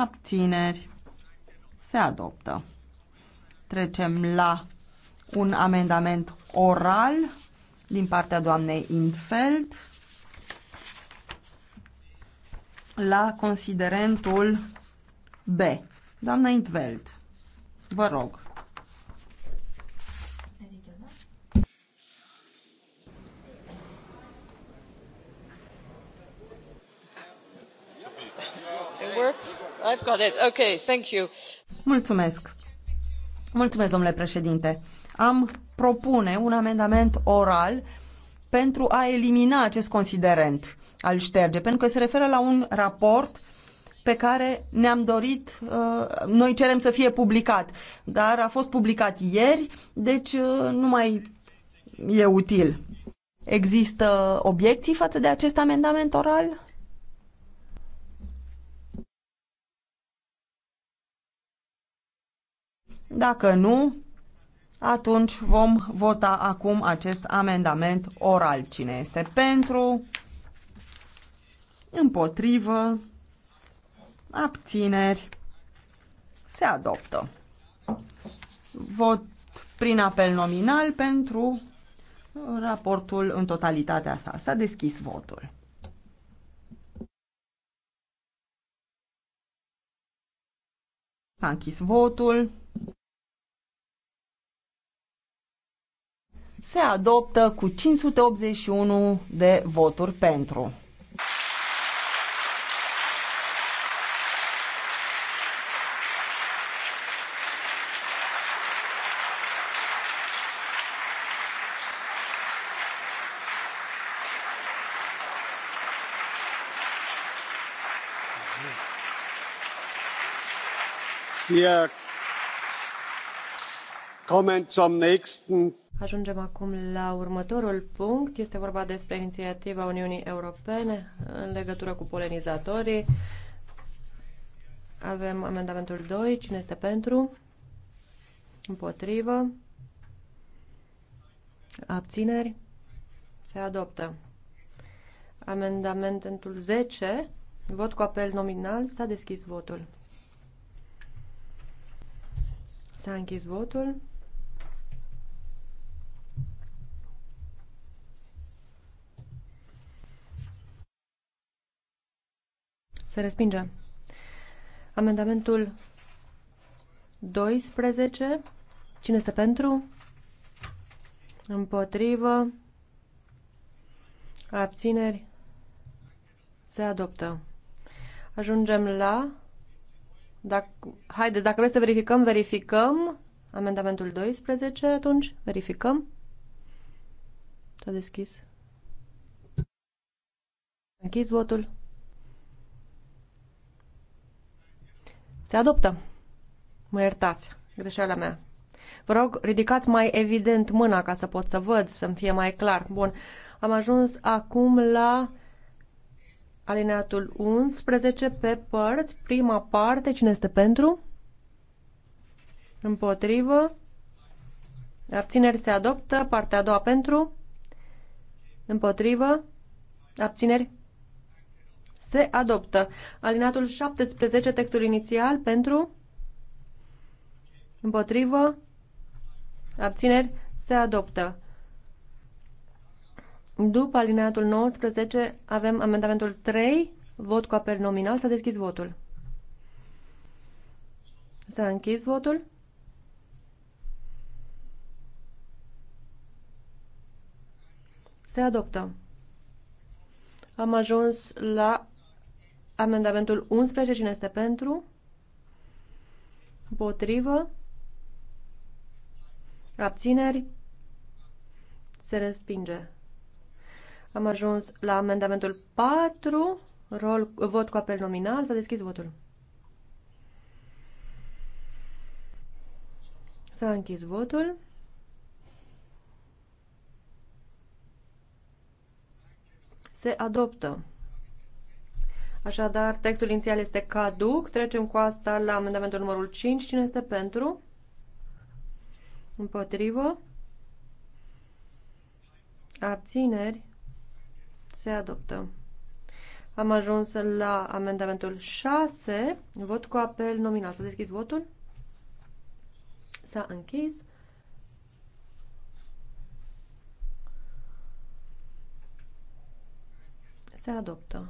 abțineri, se adoptă. Trecem la un amendament oral din partea doamnei Intfeld la considerentul B. Doamna Intveld, vă rog. domnule președinte. Am propune un amendament oral pentru a elimina acest considerent al șterge, pentru că se referă la un raport pe care ne-am dorit, uh, noi cerem să fie publicat, dar a fost publicat ieri, deci uh, nu mai e util. Există obiecții față de acest amendament oral? Dacă nu, atunci vom vota acum acest amendament oral. Cine este pentru? Împotrivă? Abțineri? Se adoptă. Vot prin apel nominal pentru raportul în totalitatea sa. S-a deschis votul. S-a închis votul. se adoptă cu 581 de voturi pentru. Wir kommen zum nächsten Ajungem acum la următorul punct. Este vorba despre inițiativa Uniunii Europene în legătură cu polenizatorii. Avem amendamentul 2. Cine este pentru? Împotrivă? Abțineri? Se adoptă. Amendamentul 10. Vot cu apel nominal. S-a deschis votul. S-a închis votul. Se respinge. Amendamentul 12. Cine este pentru? Împotrivă. Abțineri. Se adoptă. Ajungem la... Dacă, haideți, dacă vreți să verificăm, verificăm. Amendamentul 12, atunci, verificăm. S-a deschis. Închis votul. Se adoptă. Mă iertați, greșeala mea. Vă rog, ridicați mai evident mâna ca să pot să văd, să-mi fie mai clar. Bun, am ajuns acum la alineatul 11 pe părți, prima parte, cine este pentru? Împotrivă. Abțineri se adoptă, partea a doua pentru? Împotrivă. Abțineri se adoptă. Alinatul 17, textul inițial, pentru? Împotrivă? Abțineri? Se adoptă. După alineatul 19 avem amendamentul 3, vot cu apel nominal, s-a deschis votul. S-a închis votul. Se adoptă. Am ajuns la amendamentul 11. Cine este pentru? Potrivă? Abțineri? Se respinge. Am ajuns la amendamentul 4. Rol, vot cu apel nominal. S-a deschis votul. S-a închis votul. se adoptă. Așadar, textul inițial este caduc. Trecem cu asta la amendamentul numărul 5. Cine este pentru? Împotrivă? Abțineri? Se adoptă. Am ajuns la amendamentul 6. Vot cu apel nominal. Să deschis votul. S-a închis. Se adoptă.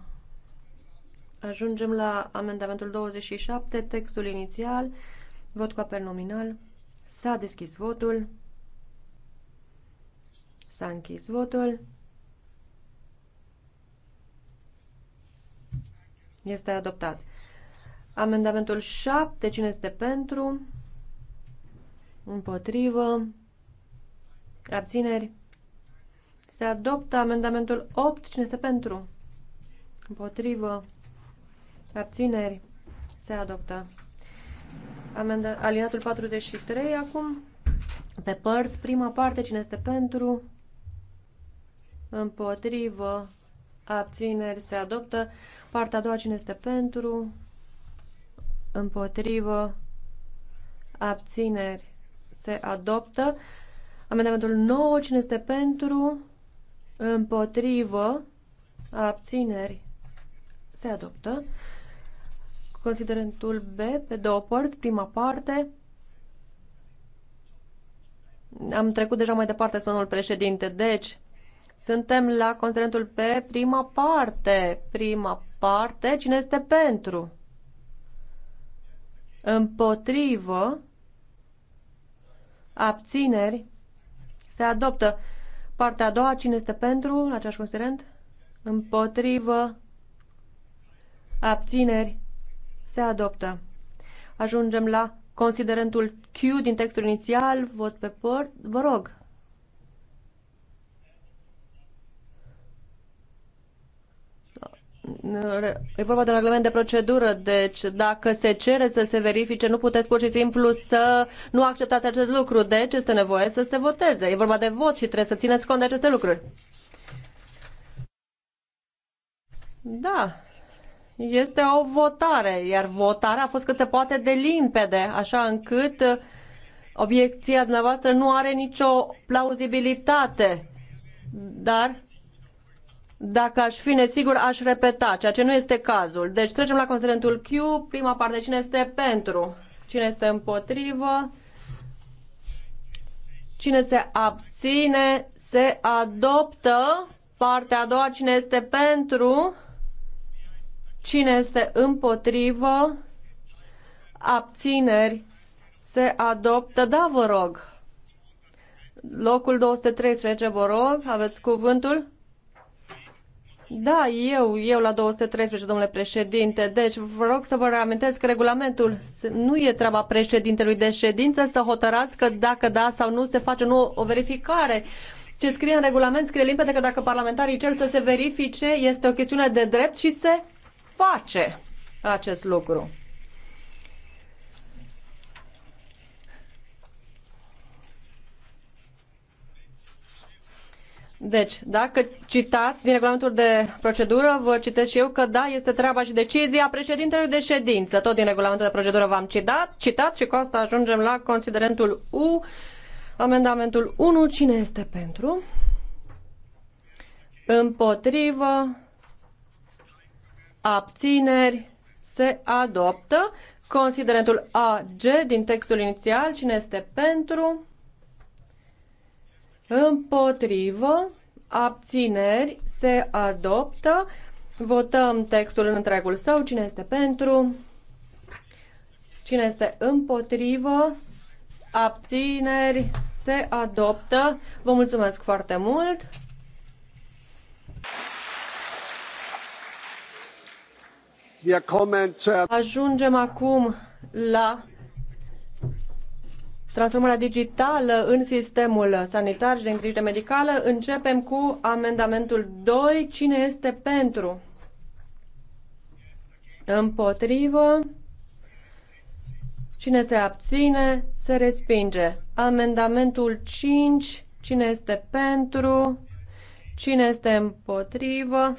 Ajungem la amendamentul 27, textul inițial, vot cu apel nominal. S-a deschis votul. S-a închis votul. Este adoptat. Amendamentul 7, cine este pentru? Împotrivă. Abțineri. Se adoptă amendamentul 8, cine este pentru? Împotrivă. Abțineri. Se adoptă. Amenda alinatul 43. Acum, pe părți, prima parte, cine este pentru? Împotrivă. Abțineri. Se adoptă. Partea a doua, cine este pentru? Împotrivă. Abțineri. Se adoptă. Amendamentul 9, cine este pentru? Împotrivă. Abțineri se adoptă. Considerentul B, pe două părți, prima parte. Am trecut deja mai departe, spunul președinte. Deci, suntem la considerentul B prima parte. Prima parte, cine este pentru? Împotrivă. Abțineri. Se adoptă. Partea a doua, cine este pentru, la aceeași considerent? Împotrivă abțineri, se adoptă. Ajungem la considerentul Q din textul inițial, vot pe port, vă rog. E vorba de un reglement de procedură, deci dacă se cere să se verifice, nu puteți pur și simplu să nu acceptați acest lucru. Deci este nevoie să se voteze. E vorba de vot și trebuie să țineți cont de aceste lucruri. Da, este o votare, iar votarea a fost cât se poate de limpede, așa încât uh, obiecția dumneavoastră nu are nicio plauzibilitate. Dar dacă aș fi nesigur, aș repeta, ceea ce nu este cazul. Deci trecem la considerentul Q. Prima parte, cine este pentru? Cine este împotrivă? Cine se abține? Se adoptă. Partea a doua, cine este pentru? Cine este împotrivă? Abțineri. Se adoptă. Da, vă rog. Locul 213, vă rog, aveți cuvântul? Da, eu, eu la 213, domnule președinte. Deci, vă rog să vă reamintesc regulamentul nu e treaba președintelui de ședință să hotărați că dacă da sau nu se face nu o verificare. Ce scrie în regulament scrie limpede că dacă parlamentarii cer să se verifice, este o chestiune de drept și se face acest lucru. Deci, dacă citați din regulamentul de procedură, vă citesc și eu că da, este treaba și decizia președintelui de ședință. Tot din regulamentul de procedură v-am citat, citat și cu asta ajungem la considerentul U, amendamentul 1. Cine este pentru? Împotrivă? abțineri, se adoptă. Considerentul AG din textul inițial, cine este pentru, împotrivă, abțineri, se adoptă. Votăm textul în întregul său, cine este pentru, cine este împotrivă, abțineri, se adoptă. Vă mulțumesc foarte mult! Uh, Ajungem acum la transformarea digitală în sistemul sanitar și de îngrijire medicală. Începem cu amendamentul 2. Cine este pentru? Împotrivă. Cine se abține, se respinge. Amendamentul 5. Cine este pentru? Cine este împotrivă?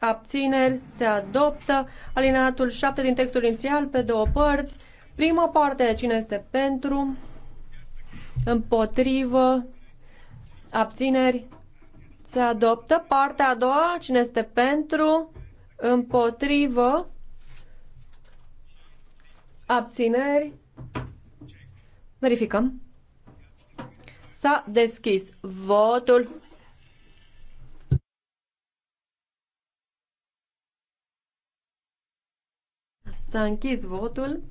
abțineri, se adoptă. Alineatul 7 din textul inițial, pe două părți. Prima parte, cine este pentru, împotrivă, abțineri, se adoptă. Partea a doua, cine este pentru, împotrivă, abțineri, verificăm. S-a deschis votul. S-a închis votul.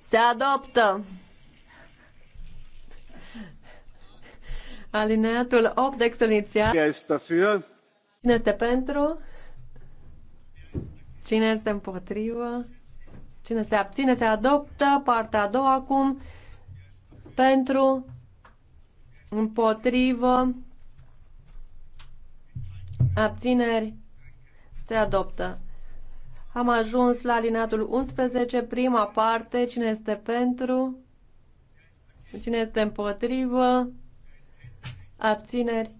Se adoptă. Alineatul 8, de inițial. Cine este pentru? Cine este împotrivă? Cine se abține, se adoptă. Partea a doua acum. Pentru, împotrivă, abțineri, se adoptă. Am ajuns la alineatul 11, prima parte, cine este pentru, cine este împotrivă, abțineri,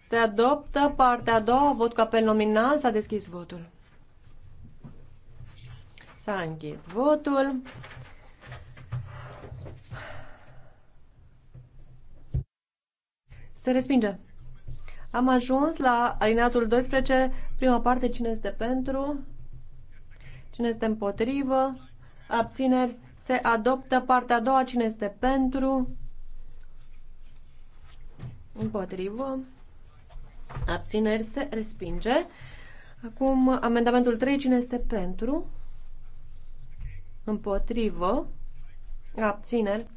se adoptă. Partea a doua, vot cu apel nominal, s-a deschis votul. S-a închis votul. Se respinge. Am ajuns la alineatul 12, prima parte, cine este pentru, cine este împotrivă, abțineri, se adoptă partea a doua, cine este pentru, împotrivă, abțineri, se respinge. Acum, amendamentul 3, cine este pentru, împotrivă, abțineri,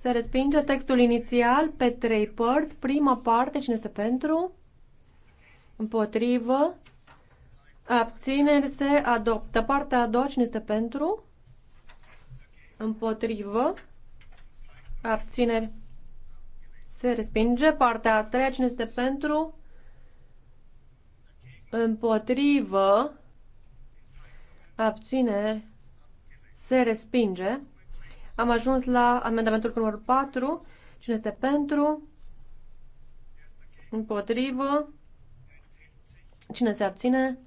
se respinge textul inițial pe trei părți. Prima parte, cine este pentru? Împotrivă. Abțineri se adoptă. Partea a doua, cine este pentru? Împotrivă. Abțineri se respinge. Partea a treia, cine este pentru? Împotrivă. Abțineri se respinge. Am ajuns la amendamentul numărul 4. Cine este pentru? Împotrivă? Cine se abține?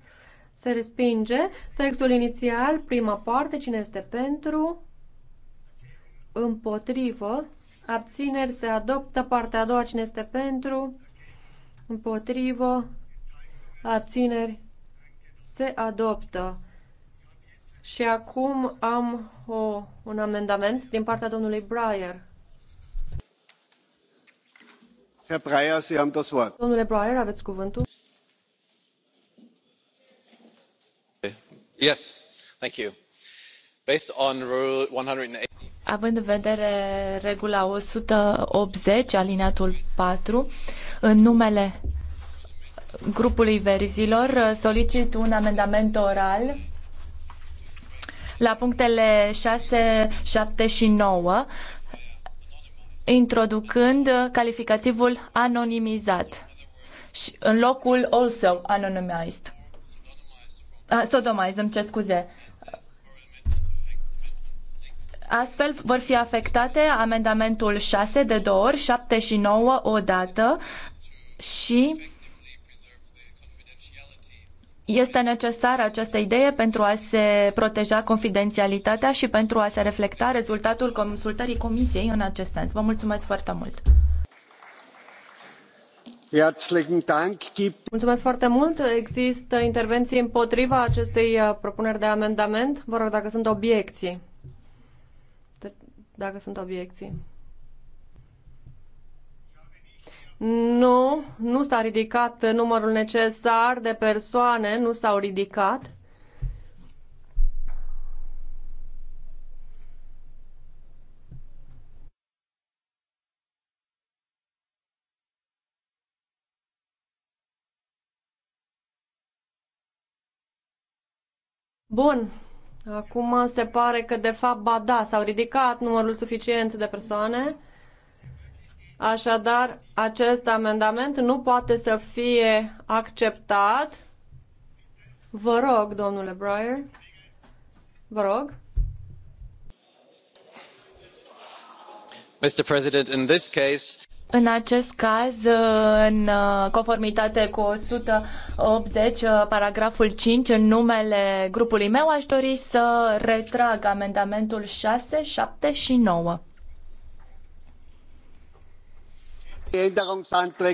Se respinge. Textul inițial, prima parte, cine este pentru? Împotrivă? Abțineri se adoptă. Partea a doua, cine este pentru? Împotrivă? Abțineri se adoptă. Și acum am o, un amendament din partea domnului Breyer. Herr Breyer, Sie haben das Wort. Domnule Breyer, aveți cuvântul. Yes, thank you. Based on Rule 180. Având în vedere regula 180, alineatul 4, în numele grupului verzilor solicit un amendament oral la punctele 6, 7 și 9, introducând calificativul anonimizat și în locul also anonymized. Ah, sodomized, îmi cer scuze. Astfel vor fi afectate amendamentul 6 de două ori, 7 și 9 odată și este necesară această idee pentru a se proteja confidențialitatea și pentru a se reflecta rezultatul consultării Comisiei în acest sens. Vă mulțumesc foarte mult! Mulțumesc foarte mult. Există intervenții împotriva acestei uh, propuneri de amendament? Vă rog dacă sunt obiecții. Dacă sunt obiecții. Nu, nu s-a ridicat numărul necesar de persoane, nu s-au ridicat. Bun. Acum se pare că, de fapt, ba da, s-au ridicat numărul suficient de persoane. Așadar, acest amendament nu poate să fie acceptat. Vă rog, domnule Breyer. Vă rog. Mr. President, in this case, în acest caz, în uh, conformitate cu 180, uh, paragraful 5, în numele grupului meu, aș dori să retrag amendamentul 6, 7 și 9.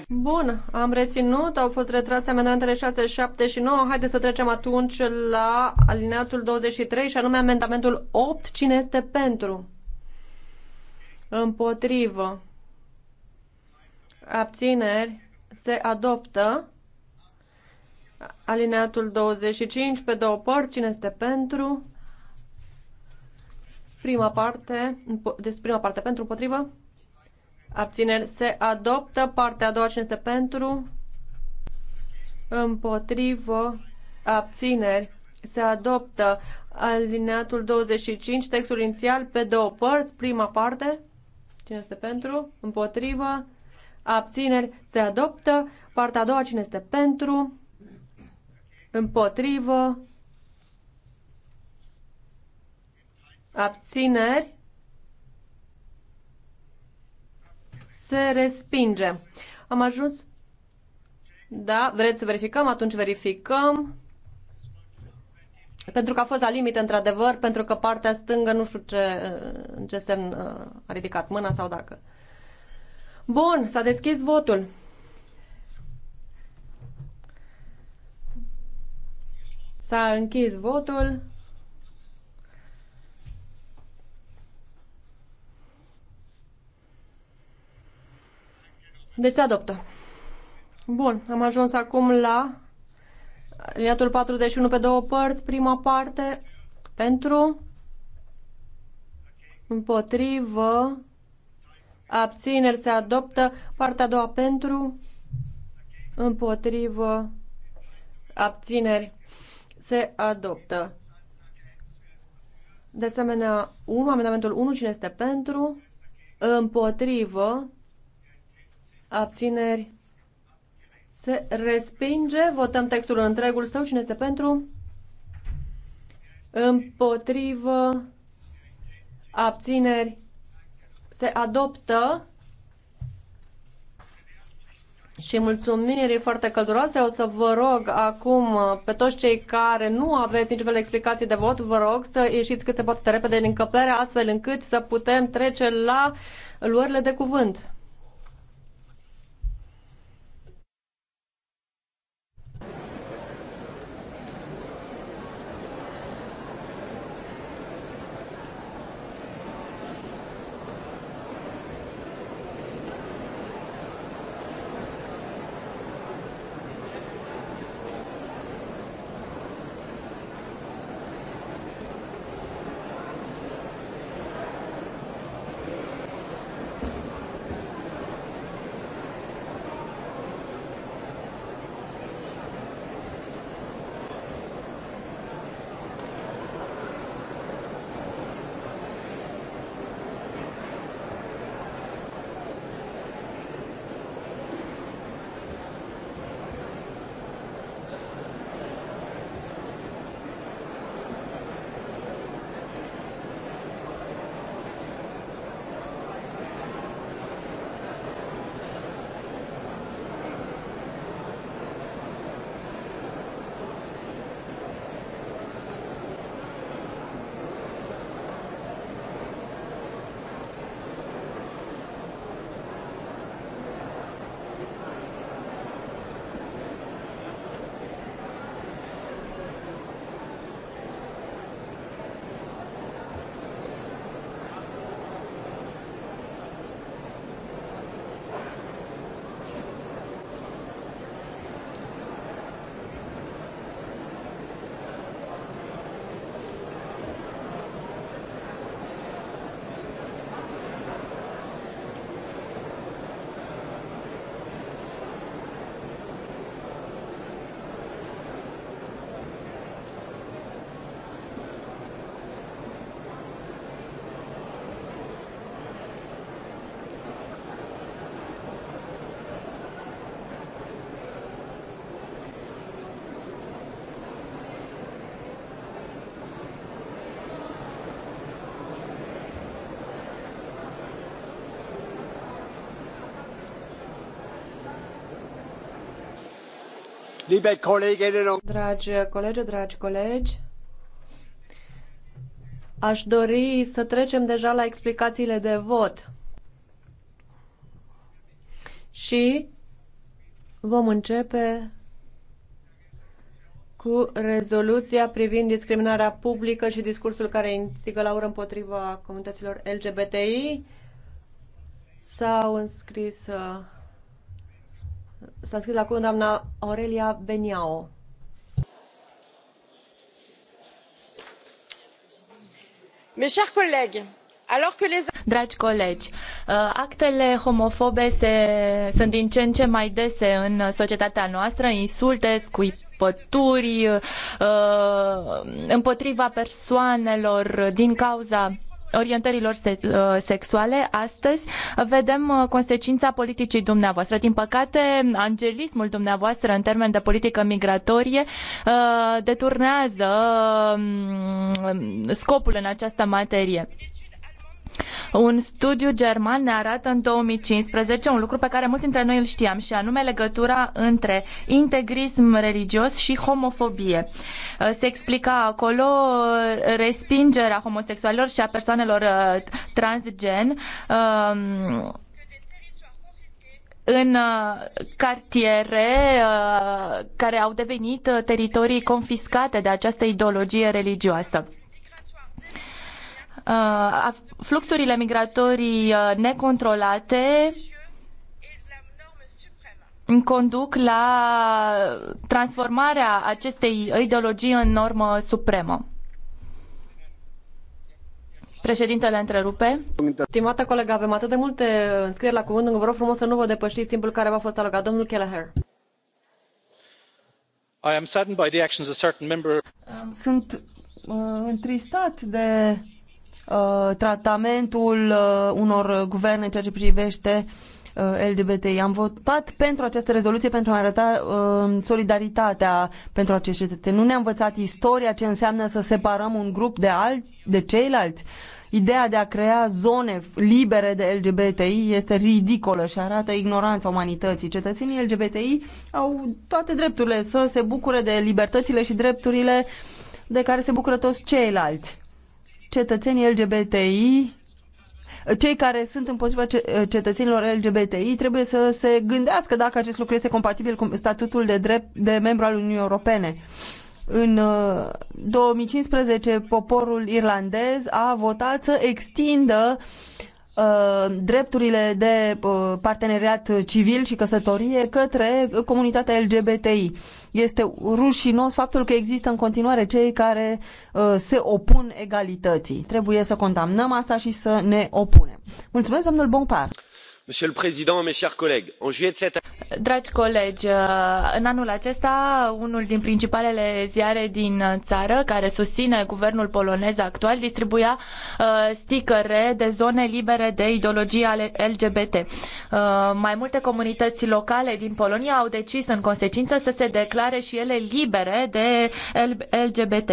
Bun, am reținut, au fost retrase amendamentele 6, 7 și 9. Haideți să trecem atunci la alineatul 23 și anume amendamentul 8. Cine este pentru? Împotrivă. Abțineri. Se adoptă. Alineatul 25 pe două părți. Cine este pentru? Prima parte, despre deci prima parte pentru împotrivă abțineri se adoptă. Partea a doua, cine este pentru? Împotrivă, abțineri se adoptă. Alineatul 25, textul inițial pe două părți, prima parte. Cine este pentru? Împotrivă. Abțineri se adoptă. Partea a doua, cine este pentru? Împotrivă. Abțineri Se respinge. Am ajuns? Da, vreți să verificăm? Atunci verificăm. Pentru că a fost la limită, într-adevăr, pentru că partea stângă, nu știu ce, în ce semn uh, a ridicat mâna sau dacă. Bun, s-a deschis votul. S-a închis votul. Deci se adoptă. Bun, am ajuns acum la liniatul 41 pe două părți, prima parte, pentru, împotrivă, abțineri se adoptă, partea a doua pentru, împotrivă, abțineri se adoptă. De asemenea, 1, amendamentul 1, cine este pentru, împotrivă, abțineri, se respinge. Votăm textul în întregul său. Cine este pentru? Împotrivă, abțineri, se adoptă. Și mulțumiri foarte călduroase. O să vă rog acum uh, pe toți cei care nu aveți niciun fel de explicații de vot, vă rog să ieșiți cât se poate de repede din încăpere, astfel încât să putem trece la luările de cuvânt. liebe Kolleginnen und Dragi colegi, dragi colegi, aș dori să trecem deja la explicațiile de vot. Și vom începe cu rezoluția privind discriminarea publică și discursul care instigă la ură împotriva comunităților LGBTI. S-au înscris uh, S-a scris acum doamna Aurelia Beniao. Mes chers collègues, alors que les Dragi colegi, uh, actele homofobe se, sunt din ce în ce mai dese în societatea noastră, insulte, scuipături uh, împotriva persoanelor din cauza orientărilor uh, sexuale, astăzi vedem uh, consecința politicii dumneavoastră. Din păcate, angelismul dumneavoastră în termen de politică migratorie uh, deturnează um, scopul în această materie. Un studiu german ne arată în 2015 un lucru pe care mulți dintre noi îl știam și anume legătura între integrism religios și homofobie. Uh, se explica acolo uh, respingerea homosexualilor și a persoanelor uh, transgen um, în cartiere care au devenit teritorii confiscate de această ideologie religioasă. Uh, fluxurile migratorii uh, necontrolate conduc la transformarea acestei ideologii în normă supremă. Președintele întrerupe. Stimată colegă, avem atât de multe înscrieri la cuvânt, vă rog frumos să nu vă depășiți timpul care v-a fost alocat. Domnul Kelleher. I am saddened by the actions of certain Sunt uh, întristat de Uh, tratamentul uh, unor guverne în ceea ce privește uh, LGBTI. Am votat pentru această rezoluție pentru a arăta uh, solidaritatea pentru acești cetățeni. Nu ne-a învățat istoria ce înseamnă să separăm un grup de, alt, de ceilalți. Ideea de a crea zone libere de LGBTI este ridicolă și arată ignoranța umanității. Cetățenii LGBTI au toate drepturile să se bucure de libertățile și drepturile de care se bucură toți ceilalți cetățenii LGBTI cei care sunt împotriva eh, cetățenilor LGBTI trebuie să se gândească dacă acest lucru este compatibil cu statutul de drept de membru al Uniunii Europene. În 2015, eh, poporul irlandez a votat să extindă Uh, drepturile de uh, parteneriat civil și căsătorie către comunitatea LGBTI. Este rușinos faptul că există în continuare cei care uh, se opun egalității. Trebuie să condamnăm asta și să ne opunem. Mulțumesc, domnul Bompard dragi colegi uh, în anul acesta unul din principalele ziare din țară care susține guvernul polonez actual distribuia uh, sticăre de zone libere de ideologia lgbt. Uh, mai multe comunități locale din polonia au decis în consecință să se declare și ele libere de lgbt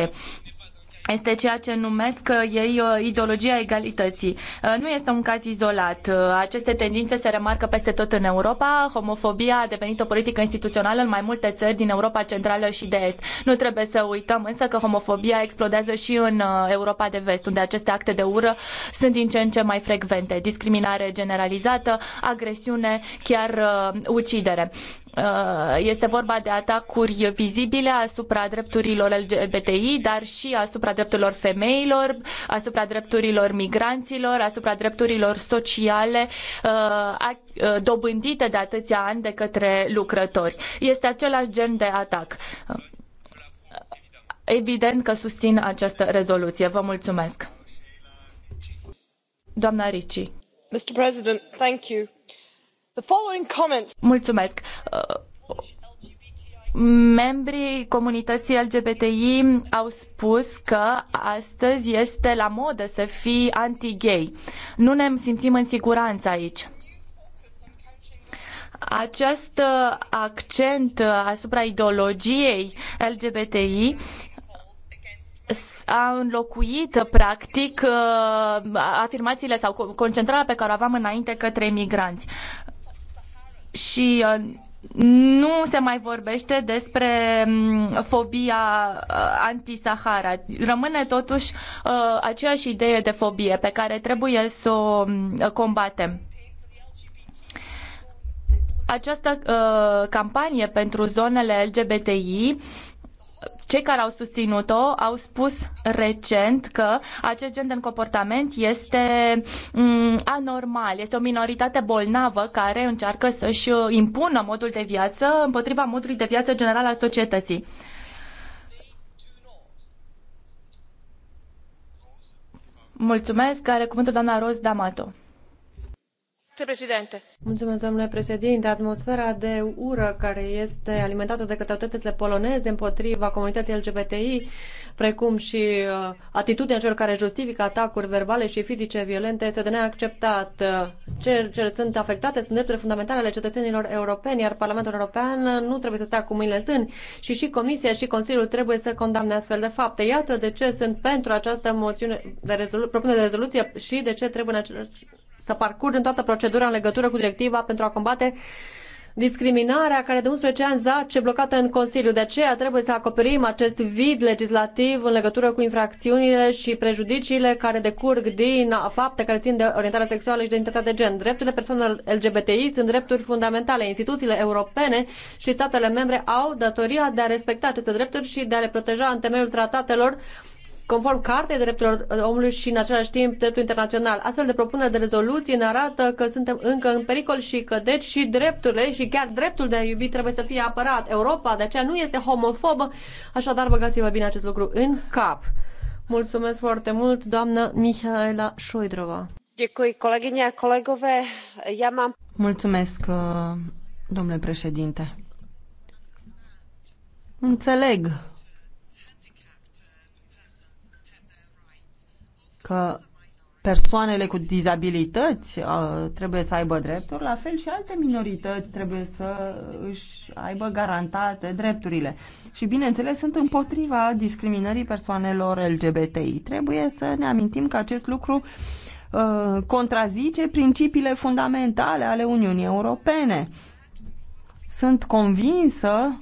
este ceea ce numesc uh, ei uh, ideologia egalității. Uh, nu este un caz izolat. Aceste tendințe se remarcă peste tot în Europa. Homofobia a devenit o politică instituțională în mai multe țări din Europa Centrală și de Est. Nu trebuie să uităm însă că homofobia explodează și în Europa de Vest, unde aceste acte de ură sunt din ce în ce mai frecvente. Discriminare generalizată, agresiune, chiar ucidere. Uh, este vorba de atacuri vizibile asupra drepturilor LGBTI, dar și asupra drepturilor femeilor, asupra drepturilor migranților, asupra drepturilor sociale uh, uh, dobândite de atâția ani de către lucrători. Este același gen de atac. Evident că susțin această rezoluție. Vă mulțumesc. Doamna Ricci. Mr. President, thank you. Mulțumesc. Membrii comunității LGBTI au spus că astăzi este la modă să fii anti-gay. Nu ne simțim în siguranță aici. Acest accent asupra ideologiei LGBTI a înlocuit practic afirmațiile sau concentrarea pe care o aveam înainte către migranți și uh, nu se mai vorbește despre mm, fobia uh, anti-Sahara. Rămâne totuși uh, aceeași idee de fobie pe care trebuie să o mm, combatem. Această campanie pentru zonele LGBTI cei care au susținut-o au spus recent că acest gen de comportament este mm, anormal, este o minoritate bolnavă care încearcă să-și uh, impună modul de viață împotriva modului de viață general al societății. Mulțumesc. Are cuvântul doamna Ros D'Amato. Mulțumesc, domnule președinte atmosfera de ură care este alimentată de către autoritățile poloneze împotriva comunității lgbti precum și uh, atitudinea celor care justifică atacuri verbale și fizice violente este de neacceptat. Uh, Cele ce sunt afectate sunt drepturile fundamentale ale cetățenilor europeni, iar Parlamentul European nu trebuie să stea cu mâinile în și și Comisia și Consiliul trebuie să condamne astfel de fapte. Iată de ce sunt pentru această moțiune de rezolu- propunere de rezoluție și de ce trebuie în același să parcurgem toată procedura în legătură cu directiva pentru a combate discriminarea care de 11 ani zace blocată în Consiliu. De aceea trebuie să acoperim acest vid legislativ în legătură cu infracțiunile și prejudiciile care decurg din fapte care țin de orientarea sexuală și de identitatea de gen. Drepturile persoanelor LGBTI sunt drepturi fundamentale. Instituțiile europene și statele membre au datoria de a respecta aceste drepturi și de a le proteja în temeiul tratatelor conform Cartei Drepturilor Omului și în același timp dreptul internațional. Astfel de propunere de rezoluție ne arată că suntem încă în pericol și că deci și drepturile și chiar dreptul de a iubi trebuie să fie apărat. Europa de aceea nu este homofobă, așadar băgați-vă bine acest lucru în cap. Mulțumesc foarte mult, doamnă Mihaela Șoidrova. Mulțumesc, uh, domnule președinte. Înțeleg că persoanele cu dizabilități uh, trebuie să aibă drepturi, la fel și alte minorități trebuie să își aibă garantate drepturile. Și bineînțeles sunt împotriva discriminării persoanelor LGBTI. Trebuie să ne amintim că acest lucru uh, contrazice principiile fundamentale ale Uniunii Europene. Sunt convinsă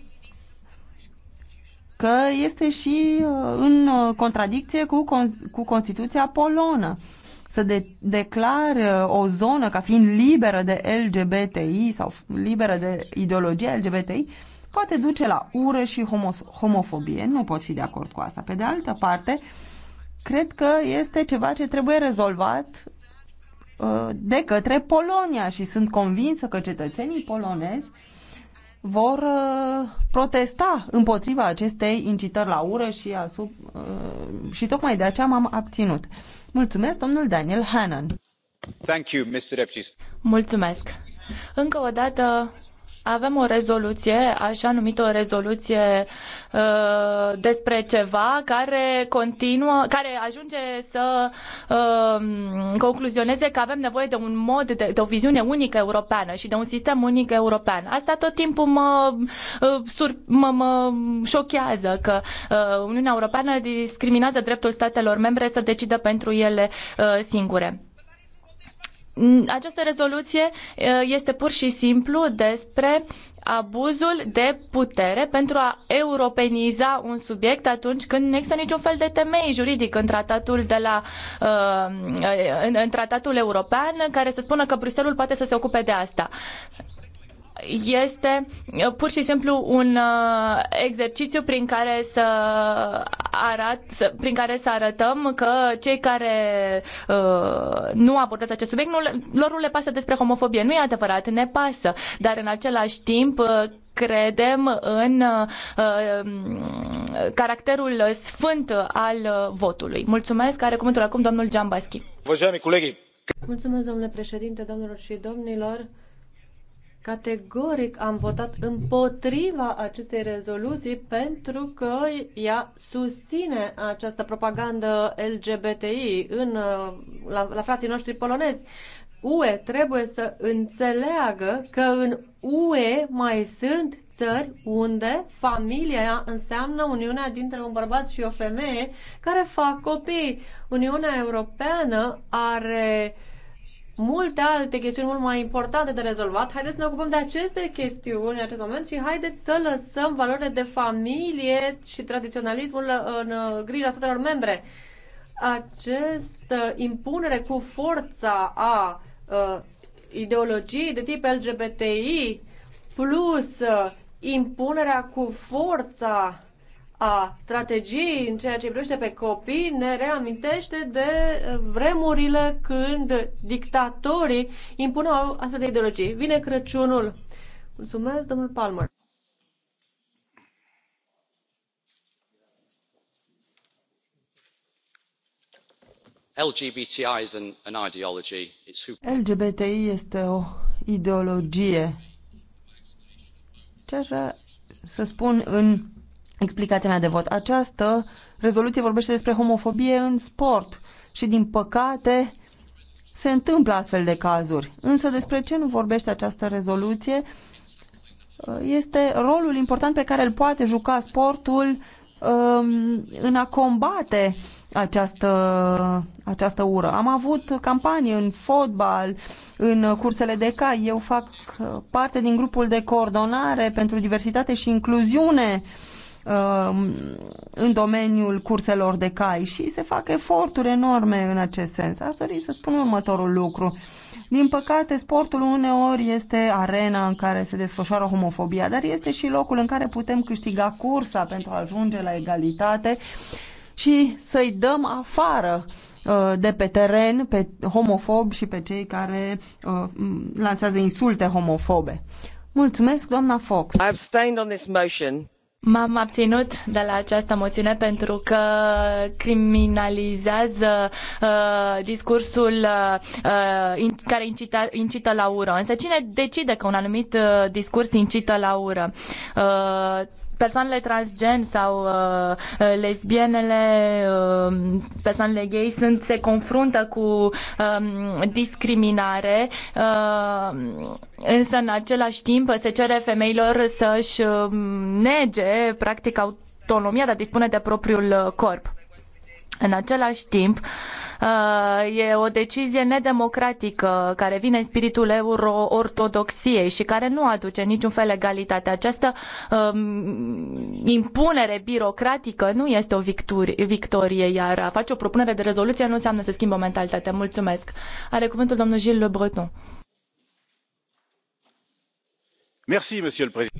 că este și uh, în uh, contradicție cu, cu Constituția polonă. Să de, declare uh, o zonă ca fiind liberă de LGBTI sau liberă de ideologie LGBTI poate duce la ură și homos, homofobie. Nu pot fi de acord cu asta. Pe de altă parte, cred că este ceva ce trebuie rezolvat de către Polonia și sunt convinsă că cetățenii polonezi uh, vor uh, protesta împotriva acestei incitări la ură și, asup, uh, și tocmai de aceea m-am abținut. Mulțumesc, domnul Daniel Hannan. Mulțumesc. Încă o dată avem o rezoluție, așa numită o rezoluție uh, despre ceva care continuă, care ajunge să uh, concluzioneze că avem nevoie de un mod, de, de o viziune unică europeană și de un sistem unic european. Asta tot timpul mă, uh, sur, mă, mă șochează că uh, Uniunea Europeană discriminează dreptul statelor membre să decidă pentru ele uh, singure. Această rezoluție este pur și simplu despre abuzul de putere pentru a europeniza un subiect atunci când nu există niciun fel de temei juridic în tratatul, de la, în, tratatul european care să spună că Bruxelles poate să se ocupe de asta este uh, pur și simplu un uh, exercițiu prin care să arat, prin care să arătăm că cei care uh, nu abordat acest subiect, nu, lor nu le pasă despre homofobie. Nu e adevărat, ne pasă, dar în același timp uh, credem în uh, caracterul sfânt al votului. Mulțumesc, are cuvântul acum domnul Giambaschi. Vă Mulțumesc, domnule președinte, domnilor și domnilor. Categoric am votat împotriva acestei rezoluții pentru că ea susține această propagandă LGBTI în, la, la frații noștri polonezi. UE trebuie să înțeleagă că în UE mai sunt țări unde familia înseamnă uniunea dintre un bărbat și o femeie care fac copii. Uniunea Europeană are uh, multe alte chestiuni mult mai importante de rezolvat. Haideți să ne ocupăm de aceste chestiuni în acest moment și haideți să lăsăm valorile de familie și tradiționalismul în grija statelor membre. Această impunere cu forța a uh, ideologiei de tip LGBTI plus impunerea cu forța a strategiei în ceea ce privește pe copii ne reamintește de uh, vremurile când dictatorii impuneau astfel de ideologii. Vine Crăciunul. Mulțumesc, domnul Palmer. LGBTI is an, an ideology. It's who... LGBTI este o ideologie. Ce aș vrea să spun în explicația mea de vot. Această rezoluție vorbește despre homofobie în sport și, din păcate, se întâmplă astfel de cazuri. Însă despre ce nu vorbește această rezoluție este rolul important pe care îl poate juca sportul um, în a combate această, această ură. Am avut campanii în fotbal, în cursele de cai. Eu fac uh, parte din grupul de coordonare pentru diversitate și incluziune uh, Um, în domeniul curselor de cai și se fac eforturi enorme în acest sens. Aș dori să spun următorul lucru. Din păcate, sportul uneori este arena în care se desfășoară homofobia, dar este și locul în care putem câștiga cursa pentru a ajunge la egalitate și să-i dăm afară uh, de pe teren pe homofob și pe cei care uh, lansează insulte homofobe. Mulțumesc, doamna Fox. I abstained on this motion M-am abținut de la această moțiune pentru că criminalizează uh, discursul uh, in, care incita, incită la ură. Însă cine decide că un anumit uh, discurs incită la ură? Uh, persoanele transgen sau uh, uh, lesbienele, uh, persoanele gay sunt, se confruntă cu um, discriminare, uh, însă în același timp se cere femeilor să-și uh, nege practic autonomia de a dispune de propriul uh, corp. În același timp, uh, e o decizie nedemocratică care vine în spiritul euro-ortodoxiei și care nu aduce niciun fel egalitate. Această um, impunere birocratică nu este o victorie, victorie, iar a face o propunere de rezoluție nu înseamnă să schimbă mentalitatea. Mulțumesc. Are cuvântul domnul Gilles Le Breton.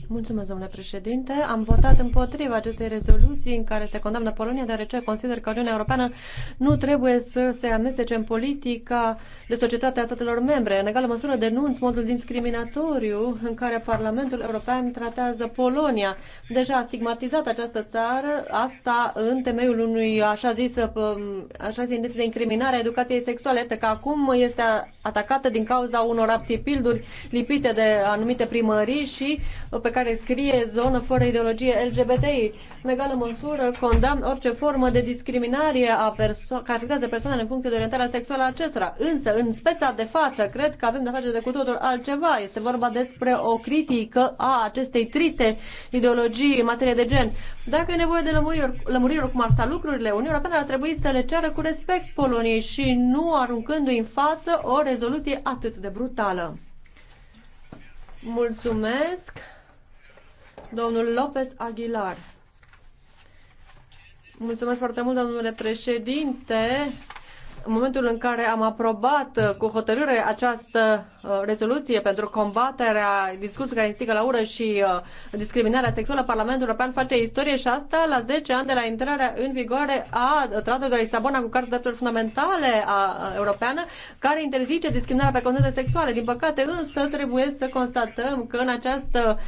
Mulțumesc, domnule președinte. Am votat împotriva acestei rezoluții în care se condamnă Polonia, deoarece consider că Uniunea Europeană nu trebuie să se amestece în politica de societate a statelor membre. În egală măsură denunț modul discriminatoriu în care Parlamentul European tratează Polonia. Deja a stigmatizat această țară, asta în temeiul unui așa zis, um, așa zis index de incriminare a educației sexuale, Iată că acum este atacată din cauza unor abții pilduri lipite de anumite primării călătorii și uh, pe care scrie zonă fără ideologie LGBTI. În egală măsură, condamn orice formă de discriminare a perso- care afectează persoanele în funcție de orientarea sexuală a acestora. Însă, în speța de față, cred că avem de face de cu totul altceva. Este vorba despre o critică a acestei triste ideologii în materie de gen. Dacă e nevoie de lămuriri, lămuriri cum ar sta lucrurile, Uniunea Europeană ar trebui să le ceară cu respect Poloniei și nu aruncându-i în față o rezoluție atât de brutală. Mulțumesc. Domnul Lopez Aguilar. Mulțumesc foarte mult, domnule președinte. În momentul în care am aprobat uh, cu hotărâre această uh, rezoluție pentru combaterea discursului care instigă la ură și uh, discriminarea sexuală, Parlamentul European face istorie și asta la 10 ani de la intrarea în vigoare a Tratatului de Lisabona cu Carta Drepturilor Fundamentale a europeană, care interzice discriminarea pe conținute sexuale. Din păcate, însă, trebuie să constatăm că în această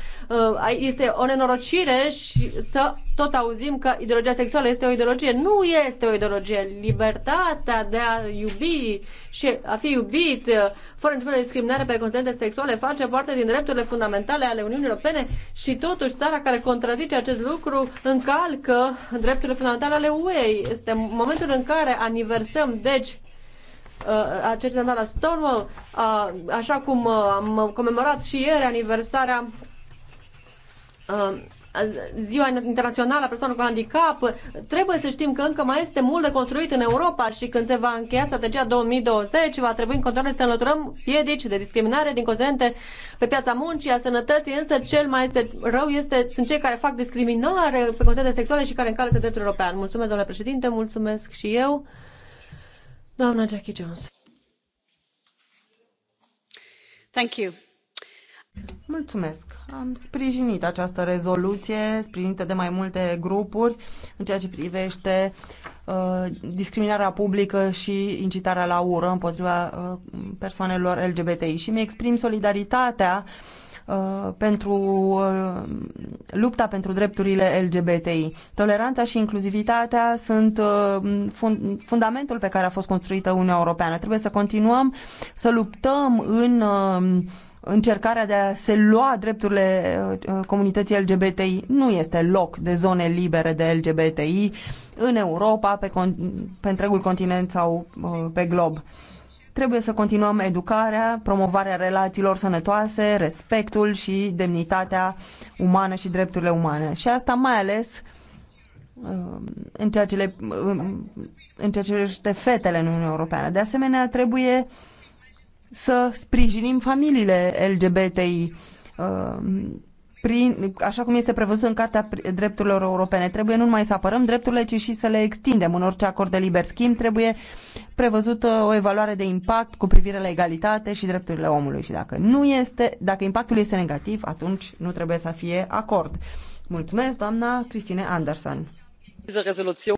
este o nenorocire și să tot auzim că ideologia sexuală este o ideologie. Nu este o ideologie. Libertatea de a iubi și a fi iubit uh, fără niciun fel de discriminare pe conținente sexuale face parte din drepturile fundamentale ale Uniunii Europene și totuși țara care contrazice acest lucru încalcă drepturile fundamentale ale UE. Este momentul în care aniversăm, deci, uh, acest ce se la Stonewall, uh, așa cum am comemorat și ieri aniversarea ziua internațională a persoanelor cu handicap, trebuie să știm că încă mai este mult de construit în Europa și când se va încheia strategia 2020, va trebui în continuare să înlăturăm piedici de discriminare din cozente pe piața muncii, a sănătății, însă cel mai este rău este, sunt cei care fac discriminare pe cozente sexuale și care încalcă dreptul european. Mulțumesc, domnule președinte, mulțumesc și eu. Doamna Jackie Jones. Thank you Mulțumesc. Am sprijinit această rezoluție, sprijinită de mai multe grupuri, în ceea ce privește uh, discriminarea publică și incitarea la ură împotriva uh, persoanelor LGBTI. Și mi-exprim solidaritatea uh, pentru uh, lupta pentru drepturile LGBTI. Toleranța și inclusivitatea sunt uh, fund fundamentul pe care a fost construită Uniunea Europeană. Trebuie să continuăm să luptăm în uh, încercarea de a se lua drepturile uh, uh, comunității LGBTI nu este loc de zone libere de LGBTI în Europa, pe, con- pe întregul continent sau uh, pe glob. Trebuie să continuăm educarea, promovarea relațiilor sănătoase, respectul și demnitatea umană și drepturile umane. Și asta mai ales în ceea ce, le, în ceea ce fetele în Uniunea Europeană. De asemenea, trebuie uh, să sprijinim familiile LGBTI uh, prin, așa cum este prevăzut în Cartea Drepturilor Europene. Trebuie nu numai să apărăm drepturile, ci și să le extindem. În orice acord de liber schimb trebuie prevăzută o evaluare de impact cu privire la egalitate și drepturile omului. Și dacă nu este, dacă impactul este negativ, atunci nu trebuie să fie acord. Mulțumesc, doamna Cristine Anderson.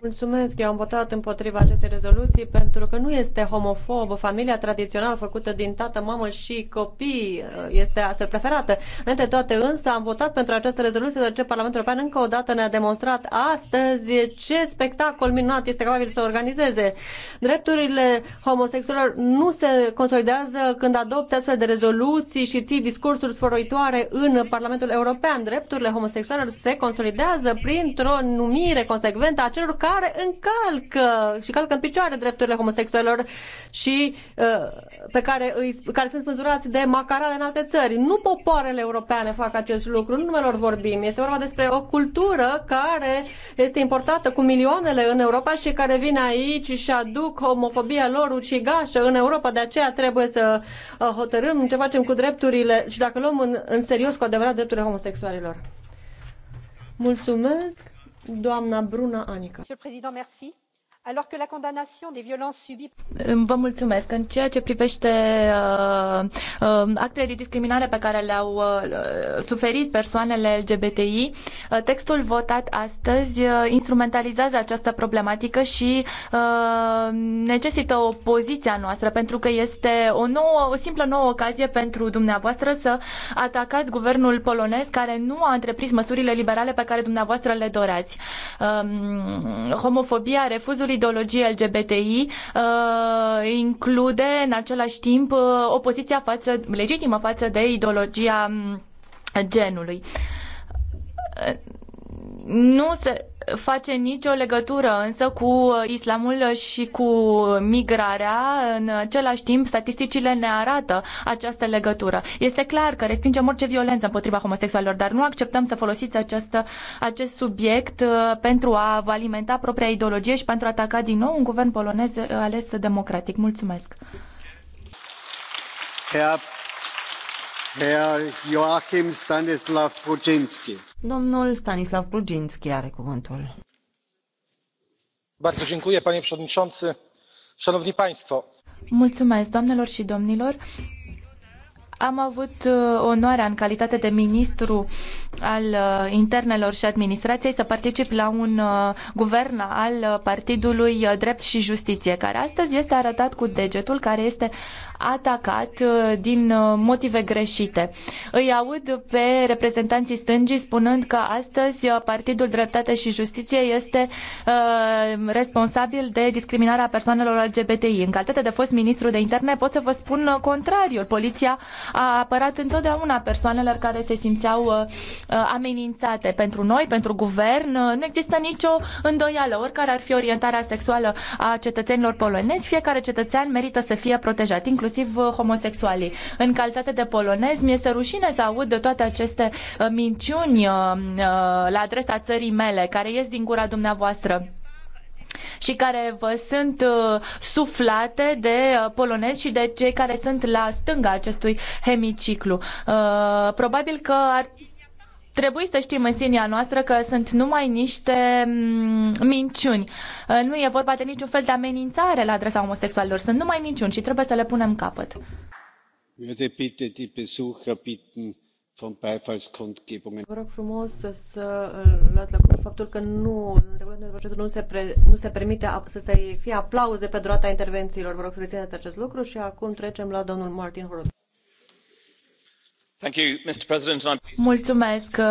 Mulțumesc, eu am votat împotriva acestei rezoluții pentru că nu este homofobă. Familia tradițională făcută din tată, mamă și copii uh, este astfel preferată. Înainte toate însă am votat pentru această rezoluție deoarece Parlamentul European încă o dată ne-a demonstrat astăzi ce spectacol minunat este capabil să organizeze. Drepturile homosexualilor nu se consolidează când adopți astfel de rezoluții și ții discursuri sfărăitoare în Parlamentul European. Drepturile homosexualilor se consolidează printr-o numire consecventă frecventă a celor care încalcă și calcă în picioare drepturile homosexualilor și uh, pe care, îi, care sunt spânzurați de macarale în alte țări. Nu popoarele europene fac acest lucru, nu numelor vorbim. Este vorba despre o cultură care este importată cu milioanele în Europa și care vin aici și aduc homofobia lor ucigașă în Europa. De aceea trebuie să uh, hotărâm ce facem cu drepturile și dacă luăm în, în serios cu adevărat drepturile homosexualilor. Mulțumesc! doamna Bruna Anica alors que la condamnation des violences subies. Vă mulțumesc. În ceea ce privește uh, uh, actele de discriminare pe care le-au uh, suferit persoanele LGBTI, uh, textul votat astăzi uh, instrumentalizează această problematică și uh, necesită o poziție noastră pentru că este o nouă, o simplă nouă ocazie pentru dumneavoastră să atacați guvernul polonez care nu a întreprins măsurile liberale pe care dumneavoastră le doreați. Uh, homofobia, refuzul ideologie LGBTI uh, include în același timp uh, opoziția față, legitimă față de ideologia mm, genului. Uh, nu se face nicio legătură însă cu islamul și cu migrarea. În același timp, statisticile ne arată această legătură. Este clar că respingem orice violență împotriva homosexualilor, dar nu acceptăm să folosiți această, acest subiect uh, pentru a vă alimenta propria ideologie și pentru a ataca din nou un guvern polonez uh, ales democratic. Mulțumesc! Herr, Herr Joachim Stanislav Bruczynski Domnul Stanislav Bruginski are cuvântul. Bardzo dziękuję, panie przewodniczący. Szanowni państwo. Mulțumesc, doamnelor și domnilor. Am avut uh, onoarea în calitate de ministru al uh, internelor și administrației să particip la un uh, guvern al Partidului Drept și Justiție, care astăzi este arătat cu degetul, care este atacat uh, din uh, motive greșite. Îi aud pe reprezentanții stângii spunând că astăzi uh, Partidul Dreptate și Justiție este responsabil de discriminarea persoanelor LGBTI. În calitate de fost ministru de interne pot să vă spun contrariul. Poliția a apărat întotdeauna persoanelor care se simțeau amenințate. Pentru noi, pentru guvern, nu există nicio îndoială. Oricare ar fi orientarea sexuală a cetățenilor polonezi, fiecare cetățean merită să fie protejat, inclusiv inclusiv uh, homosexualii. În calitate de polonez, mi-este rușine să aud de toate aceste uh, minciuni uh, la adresa țării mele, care ies din gura dumneavoastră și care vă sunt suflate de polonezi și de cei care sunt la stânga acestui hemiciclu. Probabil că ar Trebuie să știm în sinea noastră că sunt numai niște mm, minciuni. Uh, nu e vorba de niciun fel de amenințare la adresa homosexualilor. Sunt numai minciuni și trebuie să le punem capăt. Vă rog frumos să, să uh, luați la cuvânt faptul că nu, în regulamentul de procedură nu se, pre, nu se permite să se fie aplauze pe durata intervențiilor. Vă rog să rețineți acest lucru și acum trecem la domnul Martin Horod. Mulțumesc, uh,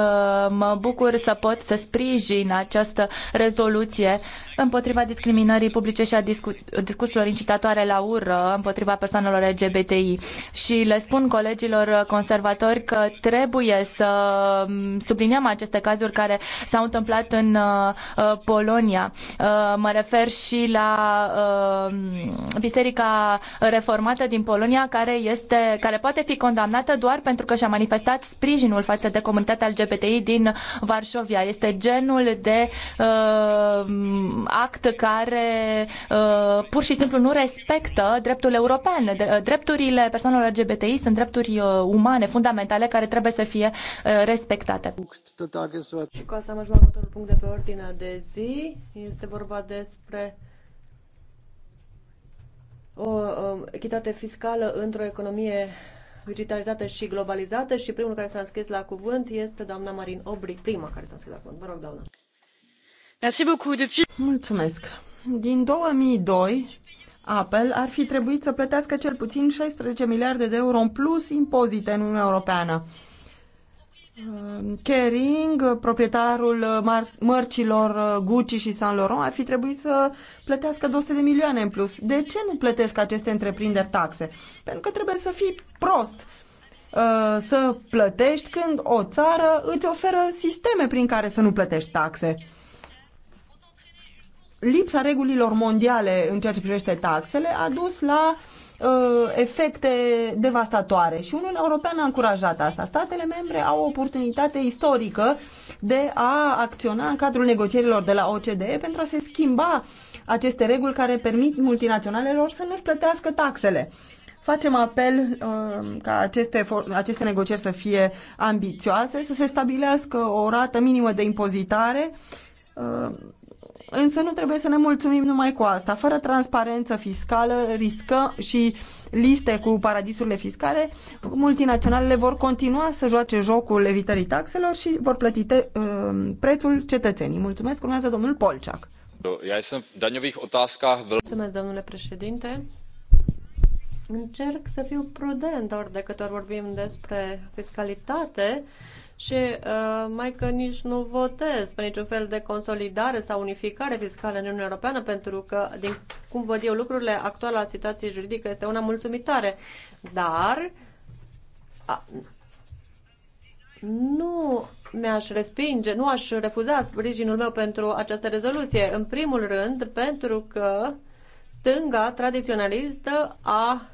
mă bucur să pot să sprijin această rezoluție împotriva discriminării publice și a discu- discursurilor incitatoare la ură împotriva persoanelor LGBTI. Și le spun colegilor conservatori că trebuie să mm, subliniem aceste cazuri care s-au întâmplat în uh, uh, Polonia. Uh, mă refer și la mm, Biserica Reformată din Polonia, care, este, care poate fi condamnată doar pentru că și-a manifestat sprijinul față de comunitatea LGBTI din Varșovia. Este genul de uh, mm, act care uh, pur și simplu nu respectă dreptul european. Uh, drepturile persoanelor LGBTI sunt drepturi uh, umane, fundamentale, care trebuie să fie respectate. Și cu asta ajuns la următorul punct de pe ordinea de zi. Este vorba despre o um, echitate fiscală într-o economie digitalizată și globalizată și primul care s-a înscris la cuvânt este doamna Marin Obri, prima care s-a înscris la cuvânt. Vă rog, doamna. Mulțumesc. Din 2002, Apple ar fi trebuit să plătească cel puțin 16 miliarde de euro în plus impozite în Uniunea Europeană. Uh, Kering, proprietarul mărcilor uh, Gucci și Saint Laurent, ar fi trebuit să plătească 200 de milioane în plus. De ce nu plătesc aceste întreprinderi taxe? Pentru că trebuie să fii prost uh, să plătești când o țară îți oferă sisteme prin care să nu plătești taxe lipsa regulilor mondiale în ceea ce privește taxele a dus la uh, efecte devastatoare și Uniunea Europeană a încurajat asta. Statele membre au o oportunitate istorică de a acționa în cadrul negocierilor de la OCDE pentru a se schimba aceste reguli care permit multinaționalelor să nu-și plătească taxele. Facem apel uh, ca aceste, aceste negocieri să fie ambițioase, să se stabilească o rată minimă de impozitare uh, Însă nu trebuie să ne mulțumim numai cu asta. Fără transparență fiscală riscă și liste cu paradisurile fiscale, multinaționalele vor continua să joace jocul evitării taxelor și vor plăti te, uh, prețul cetățenii. Mulțumesc, urmează domnul Polceac. Mulțumesc, domnule președinte. Încerc să fiu prudent ori de câte ori vorbim despre fiscalitate și uh, mai că nici nu votez pe niciun fel de consolidare sau unificare fiscală în Uniunea Europeană, pentru că, din cum văd eu lucrurile, actuala situație juridică este una mulțumitoare. Dar a, nu mi-aș respinge, nu aș refuza sprijinul meu pentru această rezoluție. În primul rând, pentru că stânga tradiționalistă a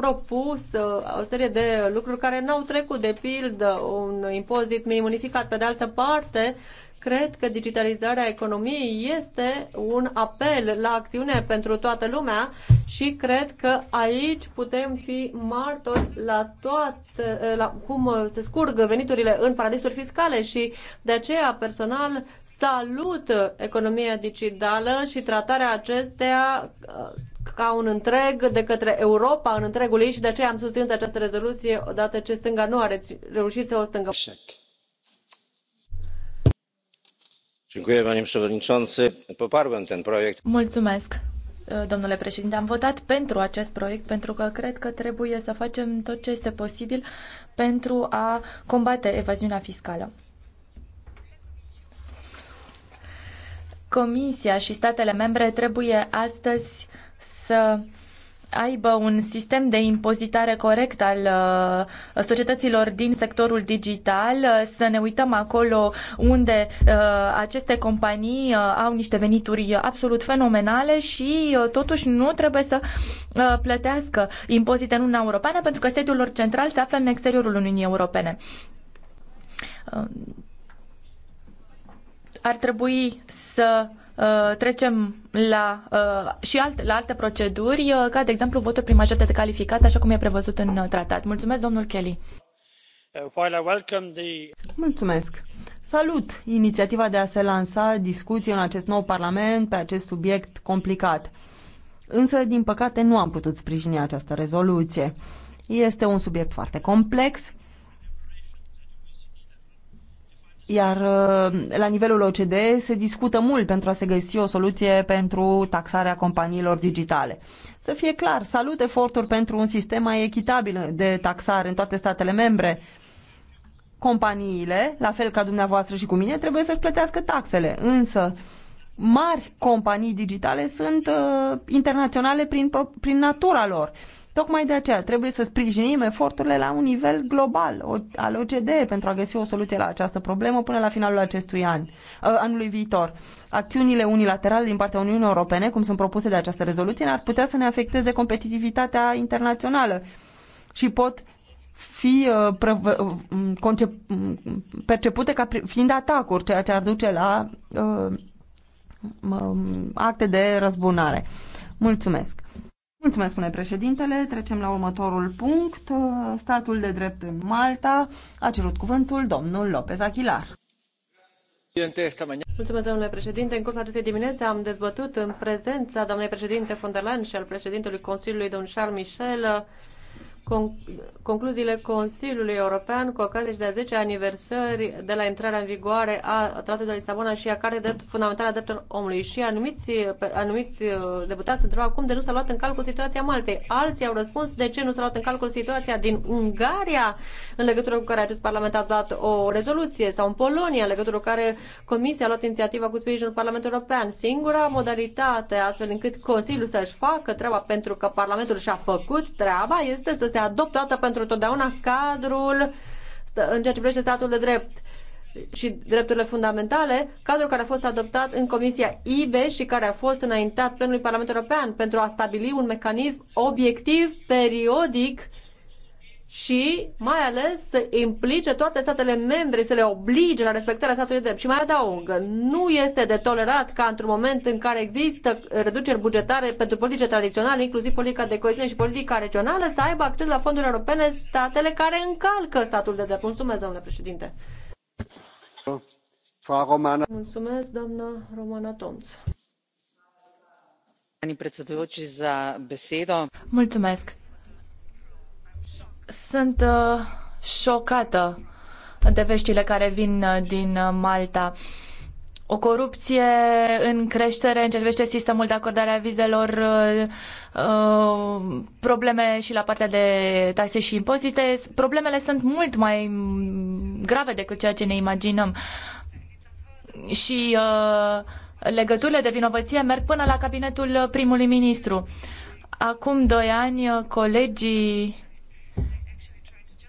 propus uh, o serie de lucruri care n-au trecut, de pildă un impozit minim unificat. Pe de altă parte, cred că digitalizarea economiei este un apel la acțiune pentru toată lumea și cred că aici putem fi martori la toate, la cum se scurg veniturile în paradisuri fiscale și de aceea personal salut economia digitală și tratarea acesteia uh, ca un întreg de către Europa în întregul ei și de aceea am susținut această rezoluție odată ce stânga nu a reușit să o stângă. Mulțumesc, domnule președinte. Am votat pentru acest proiect pentru că cred că trebuie să facem tot ce este posibil pentru a combate evaziunea fiscală. Comisia și statele membre trebuie astăzi să aibă un sistem de impozitare corect al uh, societăților din sectorul digital, uh, să ne uităm acolo unde uh, aceste companii au niște venituri absolut fenomenale și totuși nu trebuie să plătească impozite în Uniunea Europeană pentru că sediul lor central se află în exteriorul Uniunii Europene ar trebui să Uh, trecem la, uh, și alt, la alte proceduri, uh, ca de exemplu votul prin majoritate calificată, așa cum e prevăzut în tratat. Mulțumesc, domnul Kelly. Mulțumesc. Salut inițiativa de a se lansa discuții în acest nou parlament pe acest subiect complicat. Însă, din păcate, nu am putut sprijini această rezoluție. Este un subiect foarte complex Iar uh, la nivelul OCDE se discută mult pentru a se găsi o soluție pentru taxarea companiilor digitale. Să fie clar, salut eforturi pentru un sistem mai echitabil de taxare în toate statele membre. Companiile, la fel ca dumneavoastră și cu mine, trebuie să-și plătească taxele, însă mari companii digitale sunt uh, internaționale prin, prin natura lor Tocmai de aceea trebuie să sprijinim eforturile la un nivel global al OCDE pentru a găsi o soluție la această problemă până la finalul acestui an, uh, anului viitor. Acțiunile unilaterale din partea Uniunii Europene, cum sunt propuse de această rezoluție, ar putea să ne afecteze competitivitatea internațională și pot fi uh, uh, percepute ca fiind atacuri, ceea ce ar duce la acte de răzbunare. Mulțumesc! Mulțumesc, spune președintele. Trecem la următorul punct. Statul de drept în Malta a cerut cuvântul domnul Lopez Achilar. Mulțumesc, domnule președinte. În cursul acestei dimineți am dezbătut în prezența doamnei președinte von der Leyen și al președintelui Consiliului, domnul Charles Michel, concluziile Consiliului European cu ocazia de a 10 aniversări de la intrarea în vigoare a Tratatului de Lisabona și a care drept fundamental a drepturilor omului. Și anumiți, anumiți uh, deputați se întrebau cum de nu s-a luat în calcul situația Maltei. Alții au răspuns de ce nu s-a luat în calcul situația din Ungaria în legătură cu care acest Parlament a dat o rezoluție sau în Polonia în legătură cu care Comisia a luat inițiativa cu sprijinul Parlamentului European. Singura modalitate astfel încât Consiliul să-și facă treaba pentru că Parlamentul și-a făcut treaba este să se se adoptă dată pentru totdeauna cadrul în ceea ce privește statul de drept și drepturile fundamentale, cadrul care a fost adoptat în Comisia IBE și care a fost înaintat plenului Parlamentului European pentru a stabili un mecanism obiectiv, periodic, și mai ales să implice toate statele membre, să le oblige la respectarea statului de drept. Și mai adaugă, nu este de tolerat ca într-un moment în care există reduceri bugetare pentru politice tradiționale, inclusiv politica de coeziune și politica regională, să aibă acces la fonduri europene statele care încalcă statul de drept. Mulțumesc, domnule președinte. Mulțumesc, doamnă Romana Tomț. Mulțumesc. Sunt uh, șocată de veștile care vin uh, din uh, Malta. O corupție în creștere, încercește sistemul de acordare a vizelor, uh, probleme și la partea de taxe și impozite. Problemele sunt mult mai grave decât ceea ce ne imaginăm. Și legăturile de vinovăție merg până la cabinetul primului ministru. Acum doi ani, colegii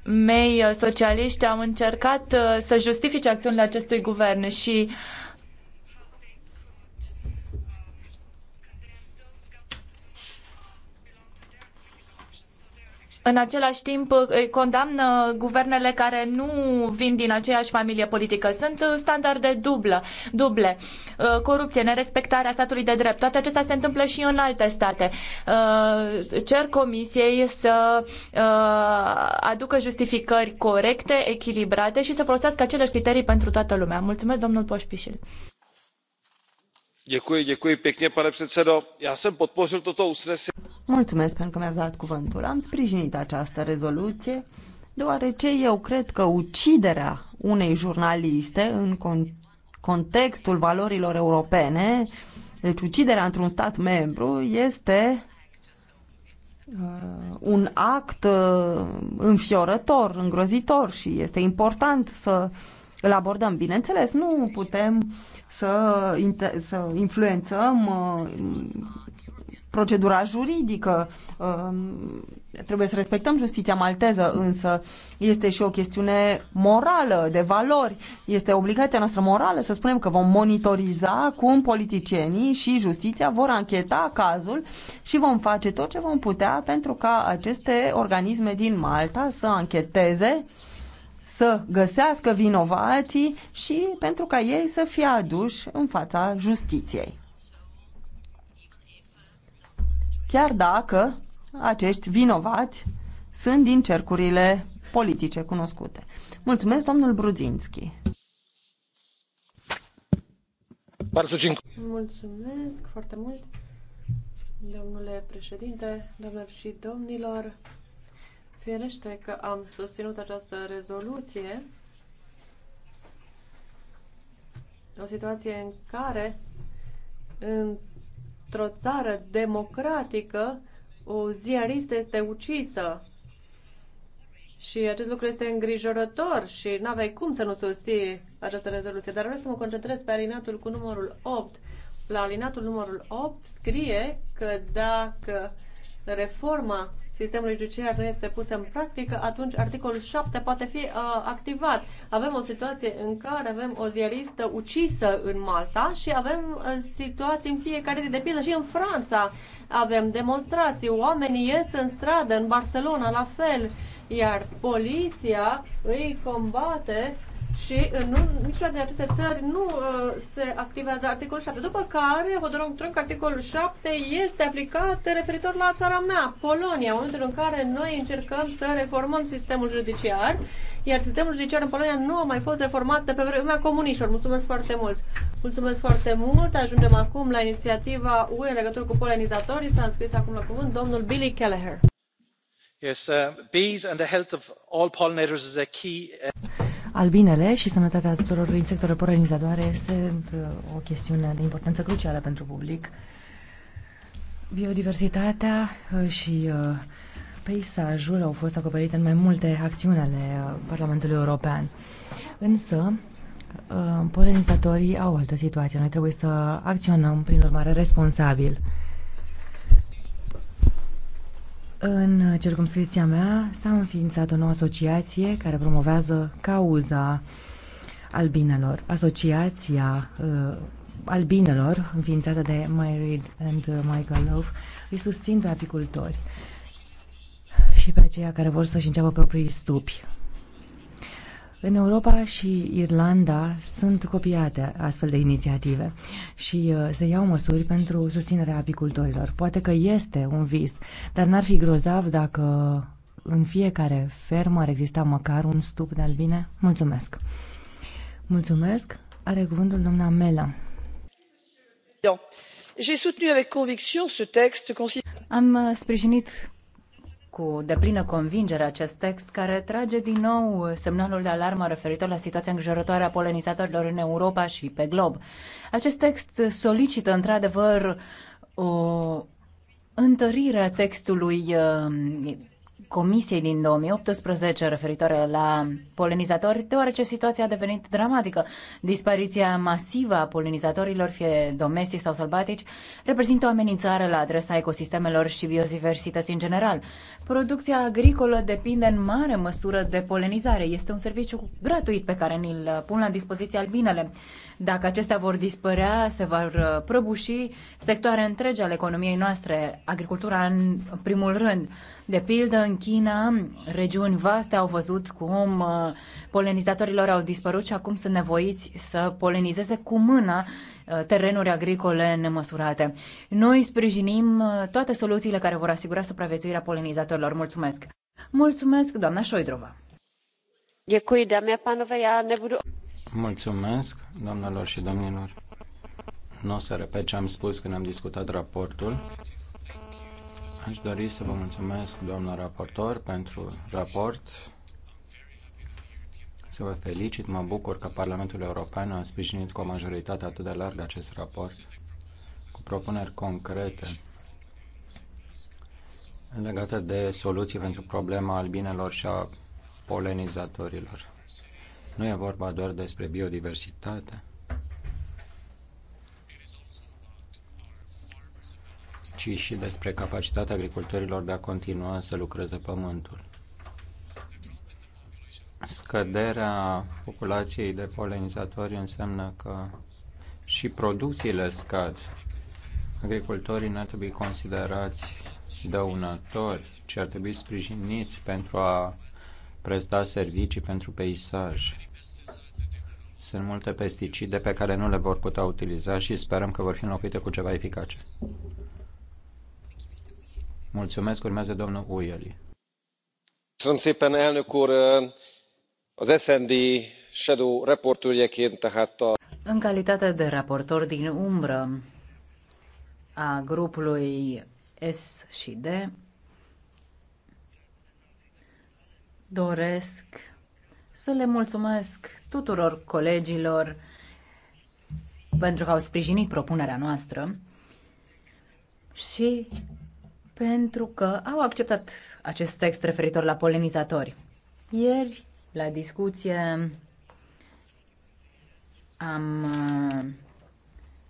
mei uh, socialiști au încercat uh, să justifice acțiunile acestui guvern și în același timp condamnă guvernele care nu vin din aceeași familie politică. Sunt standarde dublă, duble, uh, corupție, nerespectarea statului de drept. Toate acestea se întâmplă și în alte state. Uh, cer comisiei să uh, aducă justificări corecte, echilibrate și să folosească aceleași criterii pentru toată lumea. Mulțumesc, domnul Poșpișil pane předsedající já jsem podpořil toto usnesení. mulțumesc pentru că ați am sprijinit această rezoluție deoarece eu cred că uciderea unei jurnaliste în contextul valorilor europene deci uciderea într un stat membru este uh, un act uh, înfiorător, îngrozitor și este important să îl abordăm. Bineînțeles, nu putem să, să influențăm uh, procedura juridică. Uh, trebuie să respectăm justiția malteză, însă este și o chestiune morală, de valori. Este obligația noastră morală să spunem că vom monitoriza cum politicienii și justiția vor ancheta cazul și vom face tot ce vom putea pentru ca aceste organisme din Malta să ancheteze uh, să găsească vinovații și pentru ca ei să fie aduși în fața justiției. Chiar dacă acești vinovați sunt din cercurile politice cunoscute. Mulțumesc, domnul Brudzinski. Mulțumesc foarte mult, domnule președinte, domnilor și domnilor. Firește că am susținut această rezoluție, o situație în care, într-o țară democratică, o ziaristă este ucisă. Și acest lucru este îngrijorător și nu aveai cum să nu susții această rezoluție. Dar vreau să mă concentrez pe alinatul cu numărul 8. La alinatul numărul 8 scrie că dacă reforma sistemului judiciar nu este pus în practică, atunci articolul 7 poate fi uh, activat. Avem o situație în care avem o ziaristă ucisă în Malta și avem uh, situații în fiecare zi. De pildă și în Franța avem demonstrații, oamenii ies în stradă, în Barcelona la fel, iar poliția îi combate și în uh, niciuna din aceste țări nu uh, se activează articolul 7, după care hotărâm trunc articolul 7 este aplicat referitor la țara mea, Polonia, în momentul în care noi încercăm să reformăm sistemul judiciar, iar sistemul judiciar în Polonia nu a mai fost reformat de pe vremea comuniștilor. Mulțumesc foarte mult! Mulțumesc foarte mult! Ajungem acum la inițiativa UE în legătură cu polenizatorii. S-a înscris acum la cuvânt domnul Billy Kelleher. Yes, uh, bees and the health of all pollinators is a key uh... Albinele și sănătatea tuturor insectelor polenizatoare sunt uh, o chestiune de importanță crucială pentru public. Biodiversitatea uh, și uh, peisajul au fost acoperite în mai multe acțiuni ale Parlamentului European. Însă, polenizatorii au altă situație. Noi trebuie să acționăm, prin urmare, responsabil. În circumscripția mea s-a înființat o nouă asociație care promovează cauza albinelor. Asociația uh, albinelor, înființată de Mary Reed and Michael Love, îi susțin pe apicultori și pe aceia care vor să-și înceapă proprii stupi. În Europa și Irlanda sunt copiate astfel de inițiative și uh, se iau măsuri pentru susținerea apicultorilor. Poate că este un vis, dar n-ar fi grozav dacă în fiecare fermă ar exista măcar un stup de albine? Mulțumesc! Mulțumesc! Are cuvântul doamna Mela. Am uh, sprijinit cu deplină convingere acest text care trage din nou semnalul de alarmă referitor la situația îngrijorătoare a polenizatorilor în Europa și pe glob. Acest text solicită într-adevăr o întărire a textului Comisiei din 2018 referitoare la polenizatori, deoarece situația a devenit dramatică. Dispariția masivă a polenizatorilor, fie domestici sau sălbatici, reprezintă o amenințare la adresa ecosistemelor și biodiversității în general. Producția agricolă depinde în mare măsură de polenizare. Este un serviciu gratuit pe care ni-l pun la dispoziție albinele. Dacă acestea vor dispărea, se vor uh, prăbuși sectoare întregi ale economiei noastre, agricultura în primul rând. De pildă, în China regiuni vaste au văzut cum uh, polenizatorii lor au dispărut și acum sunt nevoiți să polenizeze cu mâna uh, terenuri agricole nemăsurate. Noi sprijinim uh, toate soluțiile care vor asigura supraviețuirea polenizatorilor. Mulțumesc! Mulțumesc, doamna Șoidrova! Mulțumesc, doamnelor și domnilor! Nu o să repet ce am spus când am discutat raportul. Aș dori să vă mulțumesc, doamna raportor, pentru raport. Să vă felicit, mă bucur că Parlamentul European a sprijinit cu o majoritate atât de largă acest raport, cu propuneri concrete legate de soluții pentru problema albinelor și a polenizatorilor. Nu e vorba doar despre biodiversitate, ci și despre capacitatea agricultorilor de a continua să lucreze pământul. Scăderea populației de polenizatori înseamnă că și producțiile scad. Agricultorii nu ar trebui considerați dăunători, ci ar trebui sprijiniți pentru a presta servicii pentru peisaj. Sunt multe pesticide pe care nu le vor putea utiliza și sperăm că vor fi înlocuite cu ceva eficace. Mulțumesc, urmează domnul Ujeli. Köszönöm szépen, elnök úr! Az SND shadow raportőrjeként, tehát a... În calitate de raportor din umbră a grupului S și D, doresc să le mulțumesc tuturor colegilor pentru că au sprijinit propunerea noastră și pentru că au acceptat acest text referitor la polenizatori. Ieri, la discuție, am uh,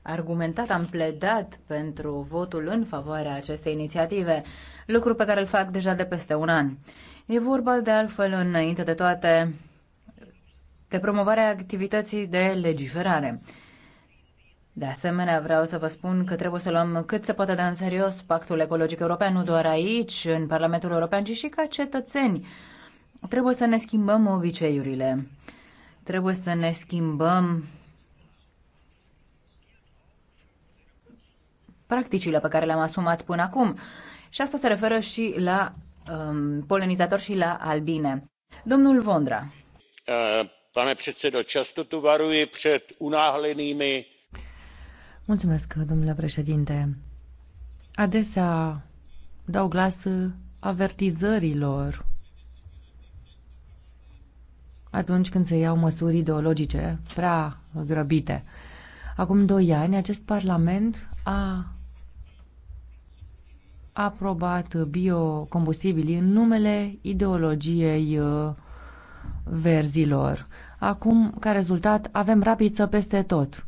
argumentat, am pledat pentru votul în favoarea acestei inițiative, lucru pe care îl fac deja de peste un an. E vorba de altfel, înainte de toate, de promovarea activității de legiferare. De asemenea, vreau să vă spun că trebuie să luăm cât se poate de în serios pactul ecologic european, nu doar aici, în Parlamentul European, ci și ca cetățeni. Trebuie să ne schimbăm obiceiurile. Trebuie să ne schimbăm practicile pe care le-am asumat până acum. Și asta se referă și la um, polenizator și la albine. Domnul Vondra. Uh, pane předsedo, často tu varuji před unáhlenými Mulțumesc, domnule președinte. Adesea dau glas avertizărilor atunci când se iau măsuri ideologice prea grăbite. Acum doi ani, acest Parlament a aprobat biocombustibili în numele ideologiei uh, verzilor. Acum, ca rezultat, avem rapiță peste tot.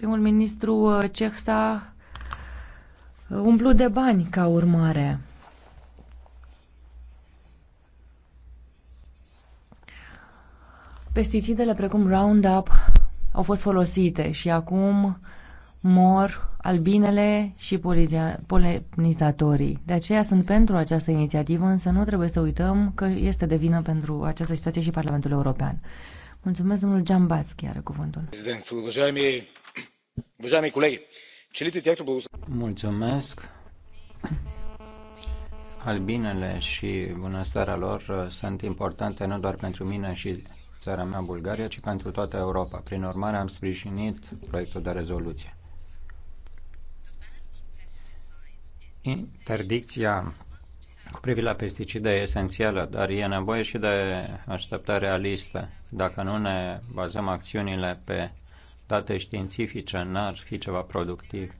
Primul ministru uh, ceh s-a uh, umplut de bani ca urmare. Pesticidele precum Roundup au fost folosite și acum mor albinele și polinizatorii. De aceea sunt pentru această inițiativă, însă nu trebuie să uităm că este de vină pentru această situație și Parlamentul European. Mulțumesc, domnul Giambațchi, are cuvântul. Mulțumesc. Albinele și bunăstarea lor uh, sunt importante nu doar pentru mine și țara mea, Bulgaria, ci pentru toată Europa. Prin urmare, am sprijinit proiectul de rezoluție. Interdicția cu privire la pesticide e esențială, dar e nevoie și de așteptare realistă. Dacă nu ne bazăm acțiunile pe date științifice n-ar fi ceva productiv.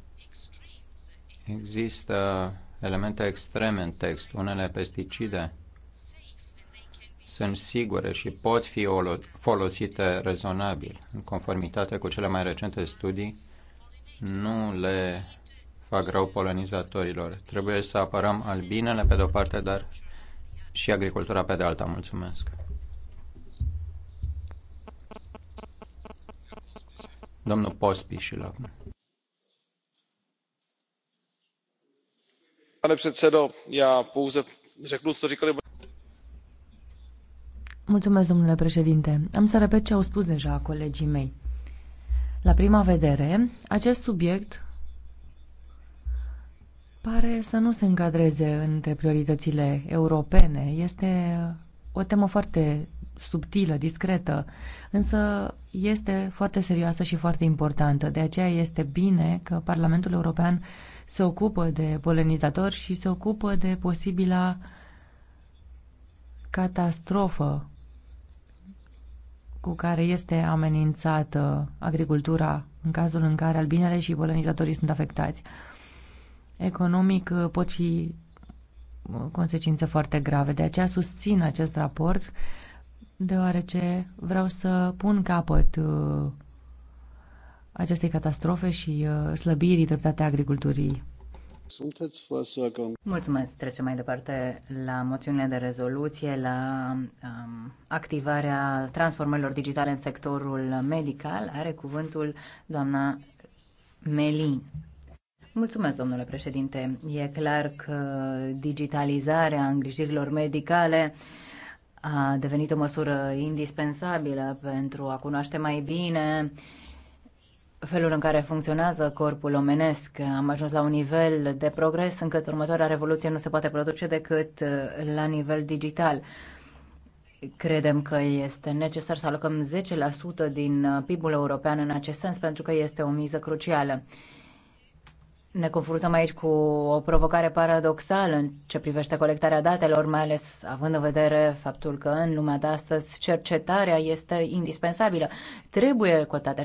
Există elemente extreme în text. Unele pesticide sunt sigure și pot fi folosite rezonabil. În conformitate cu cele mai recente studii, nu le fac rău polenizatorilor. Trebuie să apărăm albinele pe de-o parte, dar și agricultura pe de alta. Mulțumesc! Domnul Pospișil Pane předsedo, já pouze řeknu, co říkali... Mulțumesc, domnule președinte. Am să repet ce au spus deja colegii mei. La prima vedere, acest subiect pare să nu se încadreze între prioritățile europene. Este o temă foarte subtilă, discretă, însă este foarte serioasă și foarte importantă. De aceea este bine că Parlamentul European se ocupă de polenizatori și se ocupă de posibila catastrofă cu care este amenințată agricultura în cazul în care albinele și polenizatorii sunt afectați. Economic pot fi Uh, consecințe foarte grave. De aceea susțin acest raport, deoarece vreau să pun capăt uh, acestei catastrofe și uh, slăbirii dreptatea agriculturii. Mulțumesc. Trecem mai departe la moțiunile de rezoluție, la um, activarea transformărilor digitale în sectorul medical. Are cuvântul doamna Melin. Mulțumesc, domnule președinte. E clar că digitalizarea îngrijirilor medicale a devenit o măsură indispensabilă pentru a cunoaște mai bine felul în care funcționează corpul omenesc. Am ajuns la un nivel de progres încât următoarea revoluție nu se poate produce decât uh, la nivel digital. Credem că este necesar să alocăm 10% din uh, PIB-ul european în acest sens pentru că este o miză crucială. Ne confruntăm aici cu o provocare paradoxală în ce privește colectarea datelor, mai ales având în vedere faptul că în lumea de astăzi cercetarea este indispensabilă. Trebuie cotate